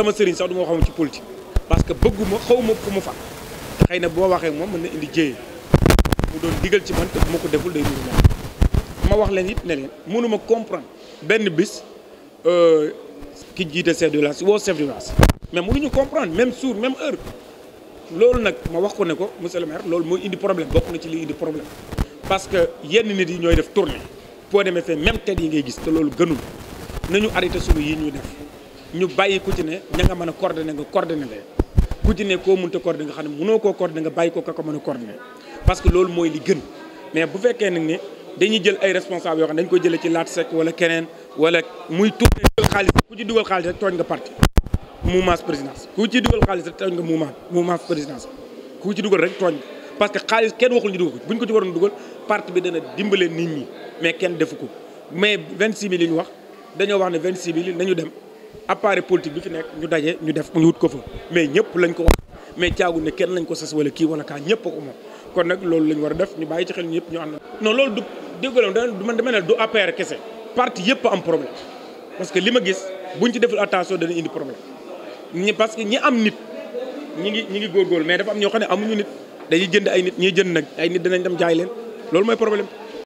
sama sëriñ sax du ma waxoon ci politique parce que bëgguma xaw ma ku mu fa xëy na boo waxee moom mën na indi jéye mu doon digal ci man te bu ko deful day nuru ma wax leen it ne leen mënuma comprendre benn bis euh, ki jiite chef de village woo chef de village mais mënuñu comprendre même jour même heure loolu nag ma wax ko ne ko monsieur le maire loolu mooy indi problème bokk na ci li indi problème parce que yenn nit yi ñooy def tournée boo demee fee même tête yi ngay gis te loolu gënul nañu arrêté sunu yi ñuy ñu bàyyi ku ci ne ña nga mën a coordonné nga coordonné leen ku ci ne koo mënta coordonné nga xam ne mënoo koo coordonné nga bàyyi ko ka ko mën a parce que loolu mooy li gën mais bu fekkee nag ne dañuy jël ay responsable yoo xam ne dañ ko jëlee ci laat sec wala keneen wala muy tourné dugal xaalis ku ci dugal xaalis rek tooñ nga parti mouvement présidence ku ci dugal xaalis rek tooñ nga mouvement mouvement présidence ku ci dugal rek tooñ nga parce xaalis kenn waxul ñu ko buñ ko ci waroon dugal nit ñi mais kenn defu ko mais 26 000 yi ñu wax dañoo wax ne 26 000 yi dem appareil politique bi fi nekk ñu daje ñu def ñu wut ko fa mais ñëpp lañ ko wax mais caagu ne kenn lañ ko sas wala kii wala kaa ñëpp a ko moom kon nag loolu la war a def ñu bàyyi ci xel ñëpp ñu ànd. non loolu du déggoo da man du APR kese parti yëpp am problème parce que li ma gis buñ ci deful attention dana indi problème ñi parce que ñi am nit ñi ngi ñi ngi góorgóorlu mais dafa am ñoo xam ne amuñu nit dañuy jënd ay nit ñuy jënd nag ay nit danañ dem jaay leen loolu mooy problème